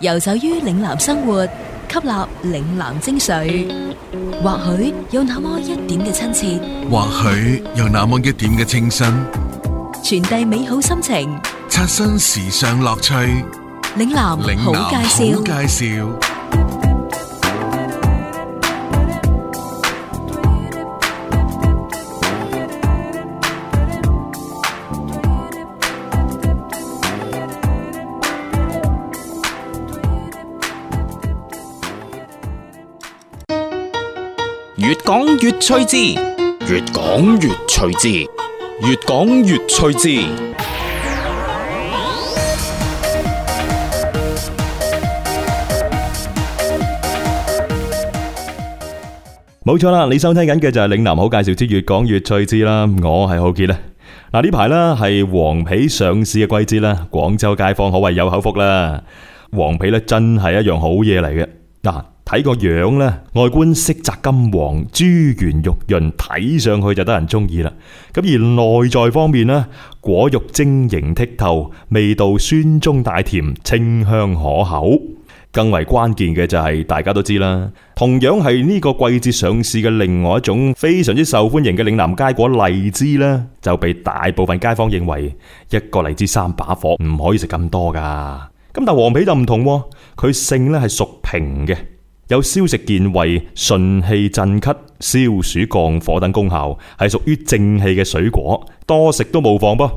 遊走於嶺南生活，吸納嶺南精髓，或許有那麼一點嘅親切，或許有那麼一點嘅清新，傳遞美好心情，刷新時尚樂趣。嶺南好介紹，嶺南好介紹。越趣之，越講越趣之，越講越趣之。冇錯啦，你收聽緊嘅就係嶺南好介紹之《越講越趣之》啦。我係浩杰啦。嗱，呢排咧係黃皮上市嘅季節啦，廣州街坊可謂有口福啦。黃皮呢真係一樣好嘢嚟嘅。嗱、啊。睇個樣呢，外觀色澤金黃，珠圓玉潤，睇上去就得人中意啦。咁而內在方面呢，果肉晶瑩剔透，味道酸中帶甜，清香可口。更為關鍵嘅就係大家都知啦，同樣係呢個季節上市嘅另外一種非常之受歡迎嘅嶺南佳果荔枝呢，就被大部分街坊認為一個荔枝三把火，唔可以食咁多噶。咁但係黃皮就唔同喎，佢性呢係屬平嘅。有消食健胃、順氣鎮咳、消暑降火等功效，係屬於正氣嘅水果，多食都冇妨噃。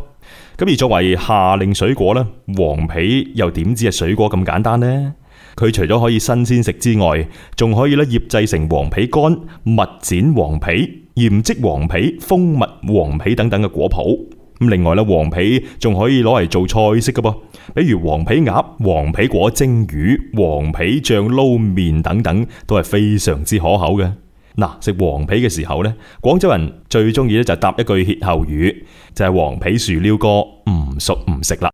咁而作為夏令水果咧，黃皮又點知係水果咁簡單呢？佢除咗可以新鮮食之外，仲可以咧醃製成黃皮乾、蜜餞黃皮、鹽漬黃皮、蜂蜜黃皮等等嘅果脯。咁另外咧，黃皮仲可以攞嚟做菜式噶噃，比如黃皮鴨、黃皮果蒸魚、黃皮醬撈麵等等，都係非常之可口嘅。嗱，食黃皮嘅時候呢，廣州人最中意咧就搭一句歇後語，就係、是、黃皮樹撩哥唔熟唔食啦。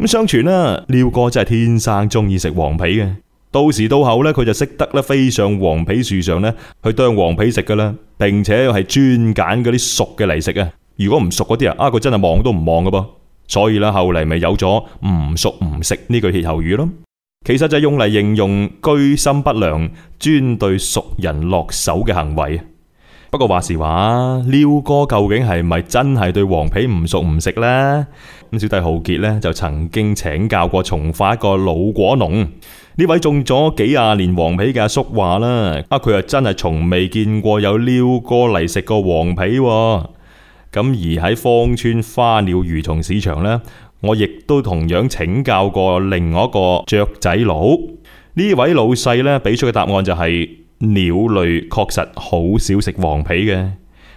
咁相傳啦，撩哥真係天生中意食黃皮嘅，到時到候呢，佢就識得咧飛上黃皮樹上呢去啄黃皮食噶啦，並且又係專揀嗰啲熟嘅嚟食啊。如果唔熟嗰啲人啊，佢真係望都唔望㗎噃，所以啦，後嚟咪有咗唔熟唔食呢句歇後語咯。其實就用嚟形容居心不良、專對熟人落手嘅行為。不過話時話，撩哥究竟係咪真係對黃皮唔熟唔食呢？咁小弟浩傑呢，就曾經請教過從化一個老果農，呢位種咗幾廿年黃皮嘅阿叔話啦，啊佢又真係從未見過有撩哥嚟食過黃皮。咁而喺芳村花鳥魚蟲市場呢，我亦都同樣請教過另外一個雀仔佬。呢位老細呢，俾出嘅答案就係：鳥類確實好少食黃皮嘅。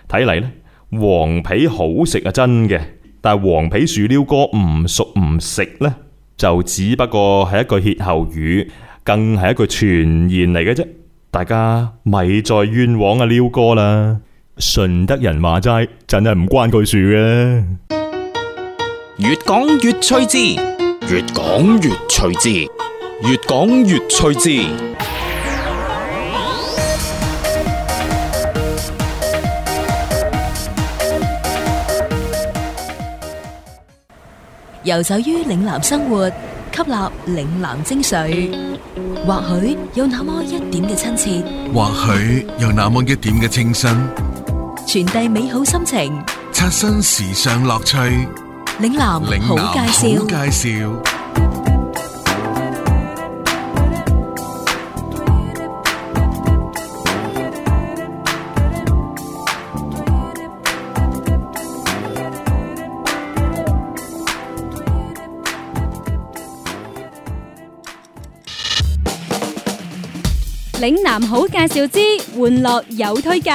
睇嚟呢，黃皮好食啊，真嘅。但係黃皮樹鷯哥唔熟唔食呢，就只不過係一句歇後語，更係一句傳言嚟嘅啫。大家咪再冤枉啊，鷯哥啦！順德人話齋，真係唔關佢事嘅。越講越趣致，越講越趣致，越講越趣致。遊走於嶺南生活，吸納嶺南精髓，或許有那麼一點嘅親切，或許有那麼一點嘅清新。傳遞美好心情，刷新時尚樂趣。嶺南好介紹，嶺南好介紹。嶺南好介紹之玩樂有推介。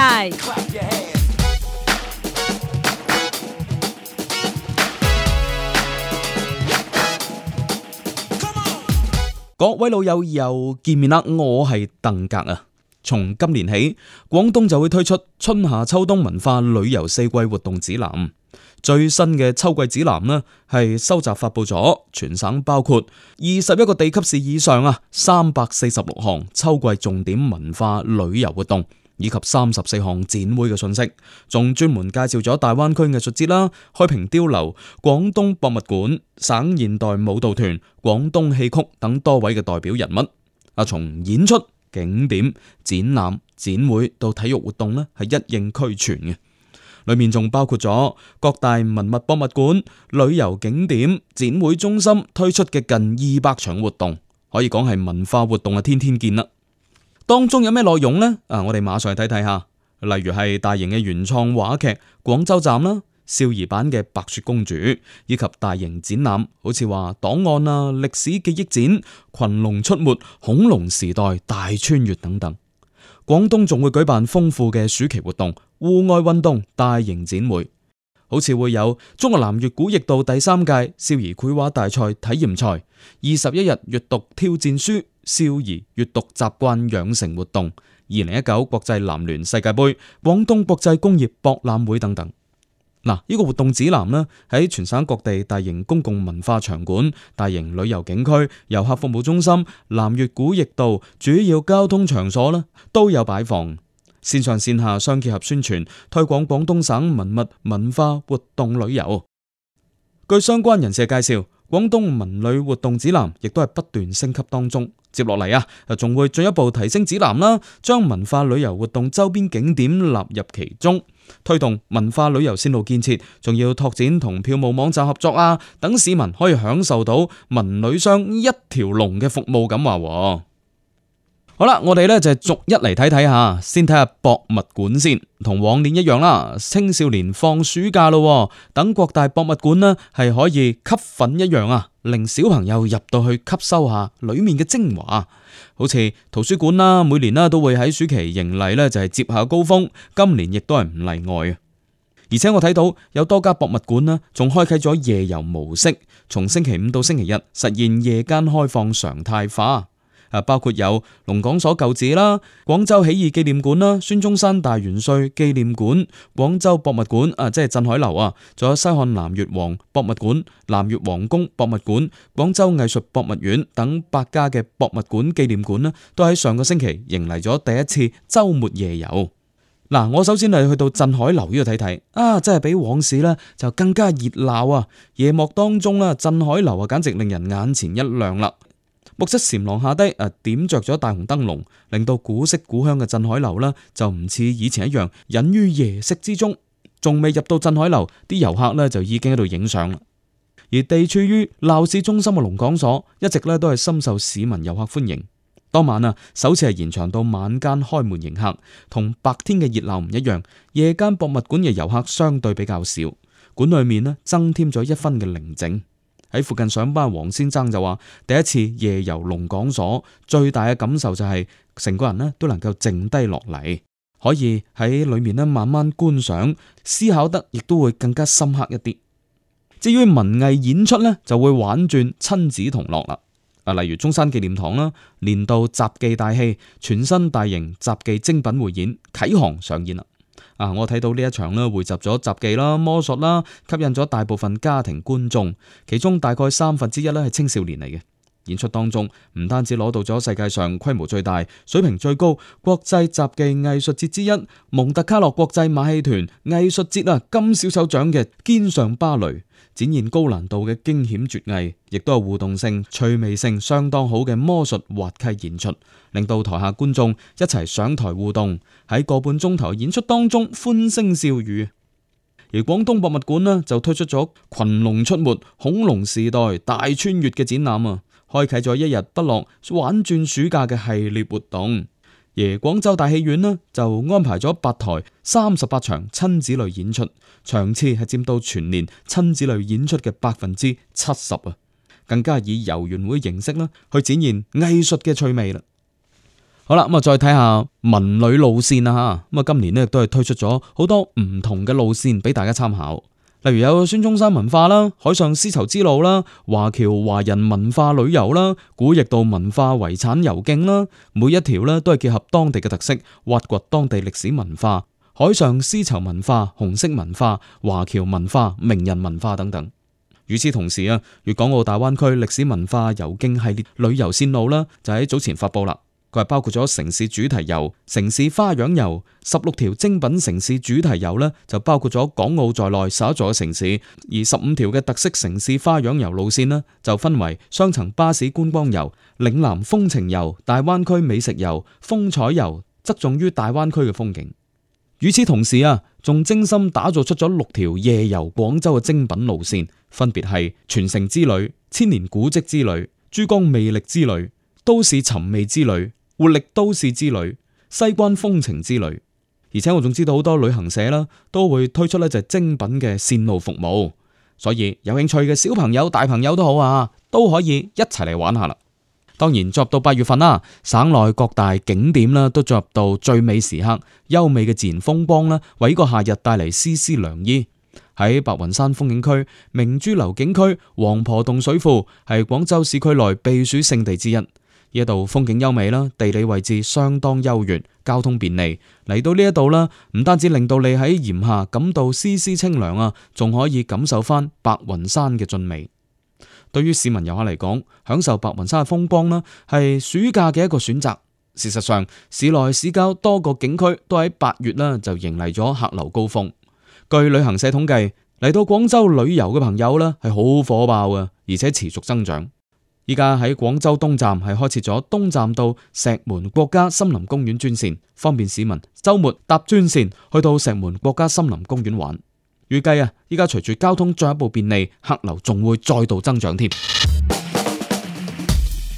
各位老友又見面啦，我係鄧格啊。從今年起，廣東就會推出春夏秋冬文化旅遊四季活動指南。最新嘅秋季指南呢，係收集發佈咗全省包括二十一個地級市以上啊，三百四十六項秋季重點文化旅遊活動。以及三十四項展會嘅信息，仲專門介紹咗大灣區藝術節啦、開平碉樓、廣東博物館、省現代舞蹈團、廣東戲曲等多位嘅代表人物。啊，從演出、景點、展覽、展會到體育活動呢，係一應俱全嘅。裏面仲包括咗各大文物博物館、旅遊景點、展會中心推出嘅近二百場活動，可以講係文化活動啊，天天見啦。當中有咩內容呢？啊，我哋馬上嚟睇睇下，例如係大型嘅原創話劇《廣州站》啦，少兒版嘅《白雪公主》，以及大型展覽，好似話檔案啊、歷史記憶展、群龍出沒、恐龍時代、大穿越等等。廣東仲會舉辦豐富嘅暑期活動，戶外運動、大型展會。好似會有中國南粵古驛道第三屆少兒繪畫大賽體驗賽、二十一日閱讀挑戰書、少兒閱讀習慣養成活動、二零一九國際籃聯世界杯、廣東國際工業博覽會等等。嗱、啊，呢、這個活動指南呢，喺全省各地大型公共文化場館、大型旅遊景區、遊客服務中心、南粵古驛道主要交通場所咧，都有擺放。線上線下相結合，宣傳推廣廣東省文物文化活動旅遊。據相關人士介紹，廣東文旅活動指南亦都係不斷升級當中。接落嚟啊，仲會進一步提升指南啦，將文化旅遊活動周邊景點納入其中，推動文化旅遊線路建設，仲要拓展同票務網站合作啊，等市民可以享受到文旅商一條龍嘅服務咁話。好啦，我哋咧就逐一嚟睇睇下。先睇下博物館先，同往年一樣啦。青少年放暑假咯，等各大博物館呢係可以吸粉一樣啊，令小朋友入到去吸收下裏面嘅精華。好似圖書館啦、啊，每年啦都會喺暑期迎嚟呢就係接下高峰，今年亦都係唔例外啊。而且我睇到有多家博物館呢仲開啟咗夜遊模式，從星期五到星期日實現夜間開放常態化。啊，包括有龍港所舊址啦、廣州起義紀念館啦、孫中山大元帥紀念館、廣州博物館啊，即係鎮海樓啊，仲有西漢南越王博物館、南越王宮博物館、廣州藝術博物院等八家嘅博物館紀念館啦，都喺上個星期迎嚟咗第一次週末夜遊。嗱，啊，我首先係去到鎮海樓呢度睇睇，啊，真係比往時呢就更加熱鬧啊！夜幕當中啦，鎮海樓啊，簡直令人眼前一亮啦！木屋禪廊下低啊，點着咗大紅燈籠，令到古色古香嘅鎮海樓呢就唔似以前一樣隱於夜色之中。仲未入到鎮海樓，啲遊客呢就已經喺度影相啦。而地處於鬧市中心嘅龍港所，一直咧都係深受市民遊客歡迎。當晚啊，首次係延長到晚間開門迎客，同白天嘅熱鬧唔一樣。夜間博物館嘅遊客相對比較少，館裏面咧增添咗一分嘅寧靜。喺附近上班嘅黃先生就話：第一次夜遊龍港所，最大嘅感受就係、是、成個人呢都能夠靜低落嚟，可以喺裏面呢慢慢觀賞、思考得，亦都會更加深刻一啲。至於文藝演出呢，就會玩轉親子同樂啦。啊，例如中山紀念堂啦，年度雜技大戲全新大型雜技精品匯演啟航上演啦。啊！我睇到呢一場咧，匯集咗雜技啦、魔術啦，吸引咗大部分家庭觀眾，其中大概三分之一咧係青少年嚟嘅。演出當中唔單止攞到咗世界上規模最大、水平最高國際雜技藝術節之一蒙特卡洛國際馬戲團藝術節啊金小手獎嘅肩上芭蕾，展現高難度嘅驚險絕藝，亦都有互動性、趣味性相當好嘅魔術滑稽演出，令到台下觀眾一齊上台互動，喺個半鐘頭演出當中歡聲笑語。而廣東博物館呢就推出咗《群龍出沒恐龍時代大穿越》嘅展覽啊！開啟咗一日不落玩轉暑假嘅系列活動，而廣州大戲院呢就安排咗八台三十八場親子類演出，場次係佔到全年親子類演出嘅百分之七十啊！更加以遊園會形式啦，去展現藝術嘅趣味啦。好啦，咁啊，再睇下文旅路線啦吓，咁啊，今年呢都係推出咗好多唔同嘅路線俾大家參考。例如有孫中山文化啦、海上絲綢之路啦、華僑華人文化旅遊啦、古驛道文化遺產遊徑啦，每一條咧都係結合當地嘅特色，挖掘當地歷史文化、海上絲綢文化、紅色文化、華僑文化、名人文化等等。與此同時啊，粵港澳大灣區歷史文化遊徑系列旅遊線路啦，就喺早前發布啦。佢係包括咗城市主題遊、城市花樣遊，十六條精品城市主題遊呢就包括咗港澳在內十一座城市；而十五條嘅特色城市花樣遊路線呢，就分為雙層巴士觀光遊、嶺南風情遊、大灣區美食遊、風采遊，側重於大灣區嘅風景。與此同時啊，仲精心打造出咗六條夜遊廣州嘅精品路線，分別係全城之旅、千年古蹟之旅、珠江魅力之旅、都市尋味之旅。活力都市之旅、西關風情之旅，而且我仲知道好多旅行社啦，都會推出咧就係精品嘅綫路服務，所以有興趣嘅小朋友、大朋友都好啊，都可以一齊嚟玩下啦。當然，作到八月份啦，省內各大景點啦都作入到最美時刻，優美嘅自然風光啦，為呢個夏日帶嚟絲絲涼意。喺白雲山風景區、明珠樓景區、黃婆洞水庫，係廣州市區內避暑勝地之一。呢度風景優美啦，地理位置相當優越，交通便利。嚟到呢一度啦，唔單止令到你喺炎夏感到絲絲清涼啊，仲可以感受翻白雲山嘅俊美。對於市民遊客嚟講，享受白雲山嘅風光啦，係暑假嘅一個選擇。事實上，市內市郊多個景區都喺八月啦就迎嚟咗客流高峰。據旅行社統計，嚟到廣州旅遊嘅朋友啦係好火爆啊，而且持續增長。依家喺廣州東站係開設咗東站到石門國家森林公園專線，方便市民周末搭專線去到石門國家森林公園玩。預計啊，依家隨住交通進一步便利，客流仲會再度增長添。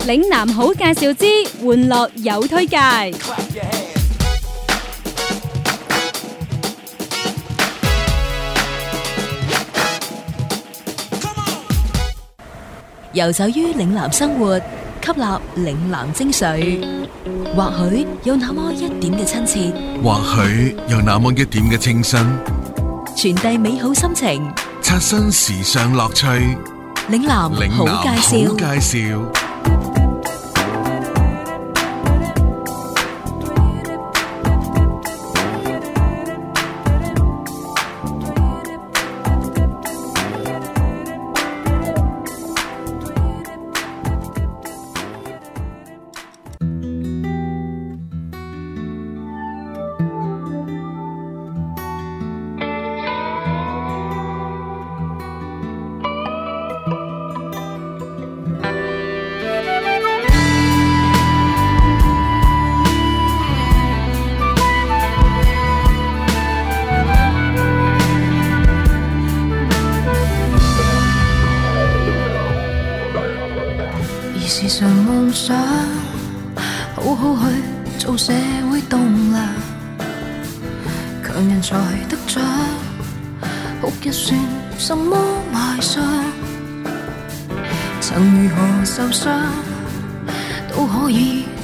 嶺南好介紹之，玩樂有推介。游走於嶺南生活，吸納嶺南精髓，或許有那麼一點嘅親切，或許有那麼一點嘅清新，傳遞美好心情，刷新時尚樂趣。嶺南好介紹。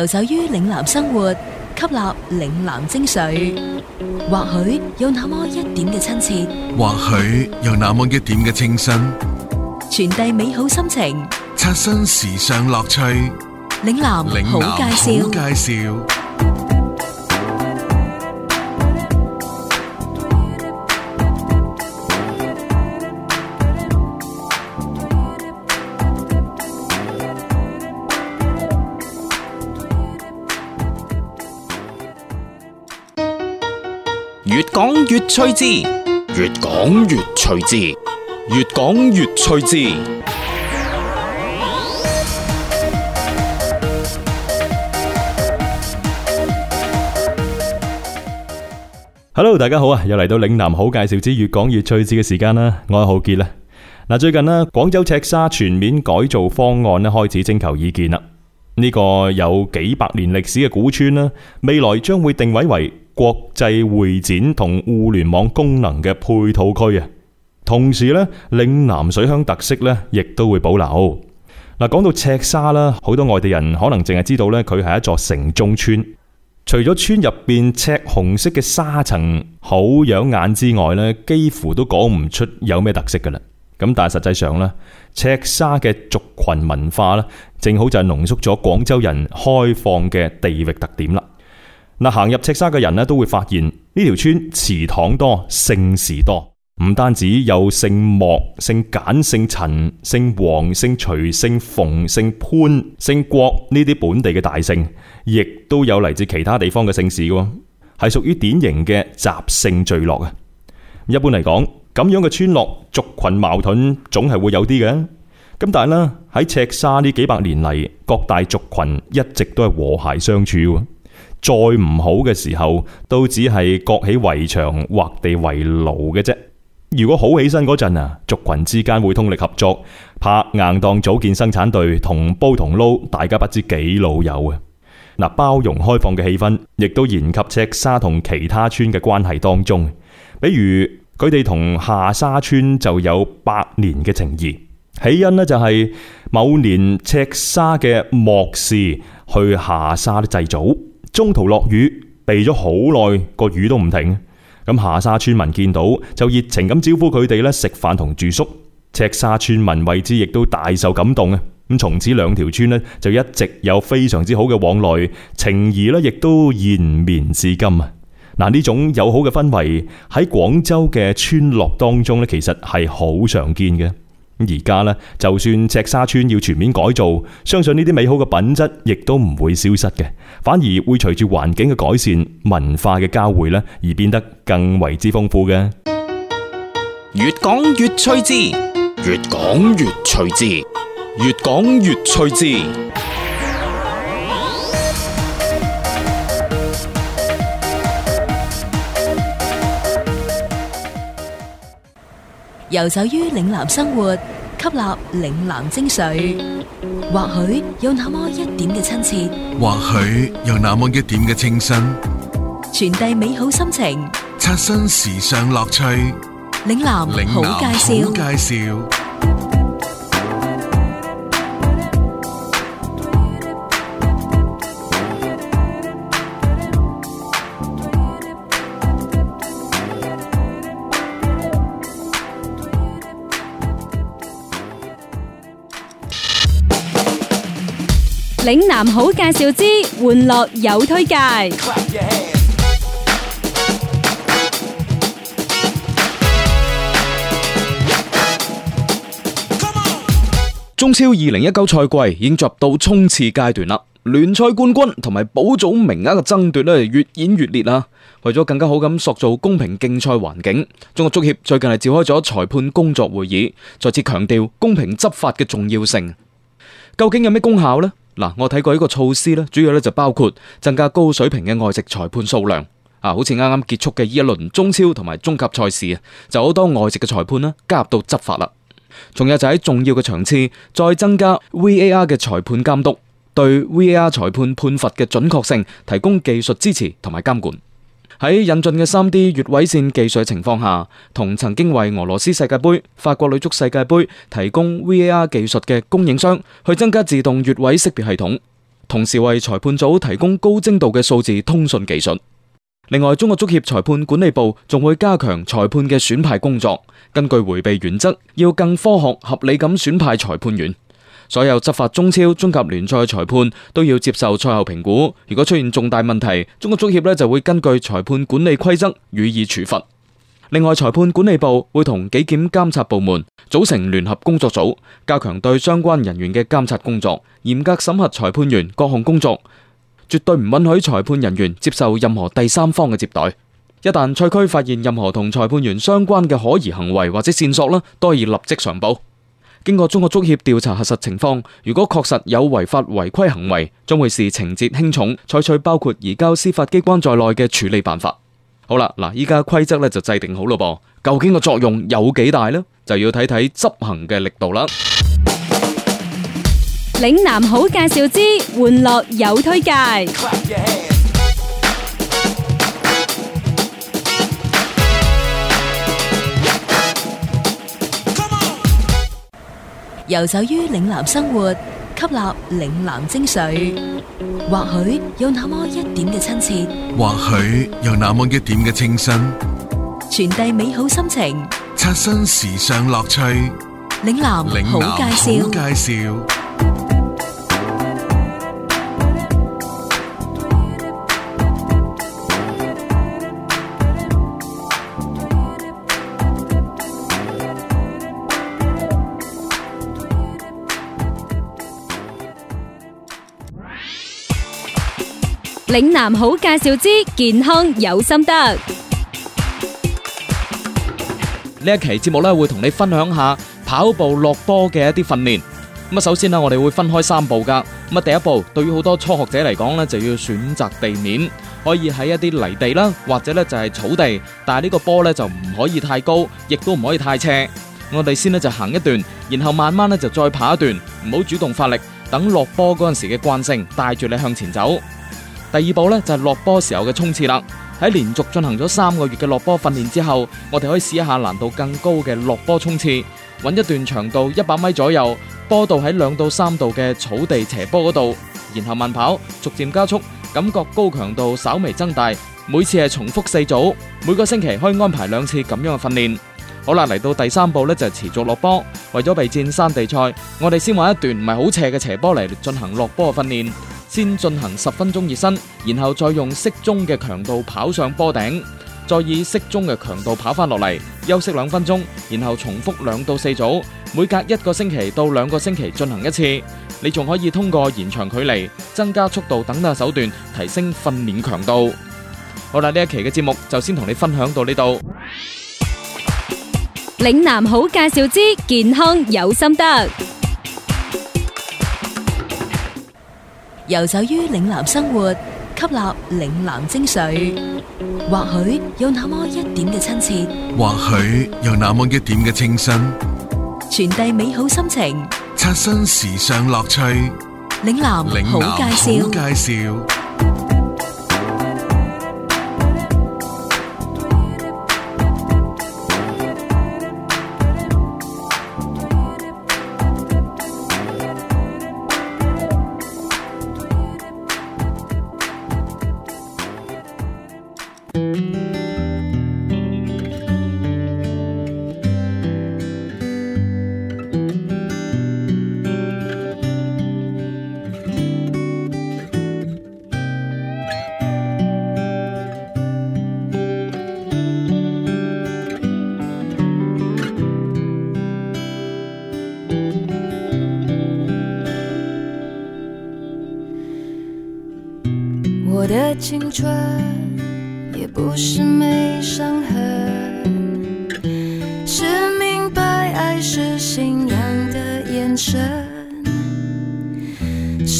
遊走於嶺南生活，吸納嶺南精髓，或許有那麼一點嘅親切，或許有那麼一點嘅清新，傳遞美好心情，刷新時尚樂趣。嶺南好介紹。越講越趣致，越講越趣致，越講越趣致。Hello，大家好啊！又嚟到嶺南好介紹之越講越趣致嘅時間啦。我係浩傑啦。嗱，最近咧，廣州赤沙全面改造方案咧開始徵求意見啦。呢個有幾百年歷史嘅古村咧，未來將會定位為。國際會展同互聯網功能嘅配套區啊，同時呢，嶺南水鄉特色呢亦都會保留。嗱，講到赤沙啦，好多外地人可能淨係知道呢佢係一座城中村，除咗村入邊赤紅色嘅沙層好養眼之外呢，幾乎都講唔出有咩特色噶啦。咁但係實際上呢，赤沙嘅族群文化呢，正好就係濃縮咗廣州人開放嘅地域特點啦。嗱，行入赤沙嘅人呢，都會發現呢條村祠堂多，姓氏多。唔單止有姓莫、姓簡、姓陳、姓黃、姓徐、姓馮、姓潘、姓郭呢啲本地嘅大姓，亦都有嚟自其他地方嘅姓氏嘅，係屬於典型嘅雜姓聚落啊。一般嚟講，咁樣嘅村落，族群矛盾總係會有啲嘅。咁但係呢，喺赤沙呢幾百年嚟，各大族群一直都係和諧相處。再唔好嘅時候，都只係篳起圍牆，劃地為牢嘅啫。如果好起身嗰陣啊，族群之間會通力合作，拍硬檔組建生產隊，同煲同撈，大家不知幾老友啊！嗱，包容開放嘅氣氛，亦都延及赤沙同其他村嘅關係當中。比如佢哋同下沙村就有百年嘅情誼，起因呢就係某年赤沙嘅莫氏去下沙祭祖。中途落雨，避咗好耐，個雨都唔停。咁下沙村民見到就熱情咁招呼佢哋咧，食飯同住宿。赤沙村民為之亦都大受感動啊！咁從此兩條村呢就一直有非常之好嘅往來，情誼咧亦都延綿至今啊！嗱，呢種友好嘅氛圍喺廣州嘅村落當中咧，其實係好常見嘅。而家咧，就算赤沙村要全面改造，相信呢啲美好嘅品質，亦都唔會消失嘅，反而會隨住環境嘅改善、文化嘅交匯咧，而變得更為之豐富嘅。越講越趣致，越講越趣致，越講越趣致。遊走於嶺南生活，吸納嶺南精髓，或許有那麼一點嘅親切，或許有那麼一點嘅清新，傳遞美好心情，刷新時尚樂趣。嶺南好介紹，好介紹。嶺南好介紹之，玩樂有推介。中超二零一九賽季已經進入到衝刺階段啦，聯賽冠軍同埋保組名額嘅爭奪呢越演越烈啦。為咗更加好咁塑造公平競賽環境，中國足協最近係召開咗裁判工作會議，再次強調公平執法嘅重要性。究竟有咩功效呢？嗱，我睇過一個措施咧，主要咧就包括增加高水平嘅外籍裁判數量，啊，好似啱啱結束嘅呢一輪中超同埋中甲賽事啊，就好多外籍嘅裁判啦加入到執法啦。仲有就喺重要嘅場次再增加 VAR 嘅裁判監督，對 VAR 裁判判罰嘅準確性提供技術支持同埋監管。喺引進嘅 3D 越位線技術情況下，同曾經為俄羅斯世界盃、法國女足世界盃提供 VAR 技術嘅供應商去增加自動越位識別系統，同時為裁判組提供高精度嘅數字通訊技術。另外，中國足協裁，裁判管理部仲會加強裁判嘅選派工作，根據回避原則，要更科學合理咁選派裁判員。所有執法中超、中甲聯賽裁判都要接受賽後評估，如果出現重大問題，中國足協咧就會根據裁判管理規則予以處罰。另外，裁判管理部會同紀檢監察部門組成聯合工作組，加強對相關人員嘅監察工作，嚴格審核裁判員各項工作，絕對唔允許裁判人員接受任何第三方嘅接待。一旦賽區發現任何同裁判員相關嘅可疑行為或者線索啦，都可以立即上報。經過中國足協調查核實情況，如果確實有違法違規行為，將會視情節輕重採取包括移交司法機關在內嘅處理辦法。好啦，嗱，依家規則咧就制定好咯噃，究竟個作用有幾大呢？就要睇睇執行嘅力度啦。嶺南好介紹之，玩樂有推介。Yeah. 遊走於嶺南生活，吸納嶺南精髓，或許有那麼一點嘅親切，或許有那麼一點嘅清新，傳遞美好心情，刷新時尚樂趣。嶺南好介紹，嶺南好介紹。嶺南好介紹之健康有心得，呢一期節目咧會同你分享下跑步落波嘅一啲訓練。咁首先咧我哋會分開三步噶。咁第一步對於好多初學者嚟講咧，就要選擇地面，可以喺一啲泥地啦，或者咧就係草地。但係呢個波呢，就唔可以太高，亦都唔可以太斜。我哋先咧就行一段，然後慢慢咧就再跑一段，唔好主動發力，等落波嗰陣時嘅慣性帶住你向前走。第二步咧就係落坡時候嘅衝刺啦。喺連續進行咗三個月嘅落坡訓練之後，我哋可以試一下難度更高嘅落坡衝刺，揾一段長度一百米左右、坡度喺兩到三度嘅草地斜坡嗰度，然後慢跑，逐漸加速，感覺高強度稍微增大。每次係重複四組，每個星期可以安排兩次咁樣嘅訓練。好啦，嚟到第三步咧就係持續落坡。為咗備戰山地賽，我哋先揾一段唔係好斜嘅斜坡嚟進行落坡嘅訓練。先進行十分鐘熱身，然後再用適中嘅強度跑上坡頂，再以適中嘅強度跑翻落嚟，休息兩分鐘，然後重複兩到四組，每隔一個星期到兩個星期進行一次。你仲可以通過延長距離、增加速度等等手段提升訓練強度。好啦，呢一期嘅節目就先同你分享到呢度。嶺南好介紹之健康有心得。遊走於嶺南生活，吸納嶺南精髓，或許有那麼一點嘅親切，或許有那麼一點嘅清新，傳遞美好心情，刷新時尚樂趣。嶺南好介紹，嶺南好介紹。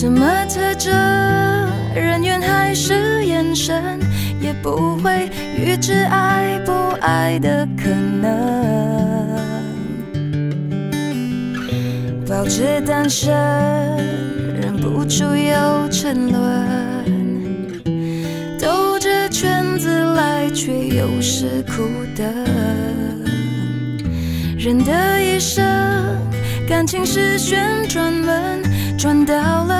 什麼特徵、人緣還是眼神，也不會預知愛不愛的可能。保持單身，忍不住又沉淪，兜着圈子來去，又是苦等。人的一生，感情是旋轉門，轉到了。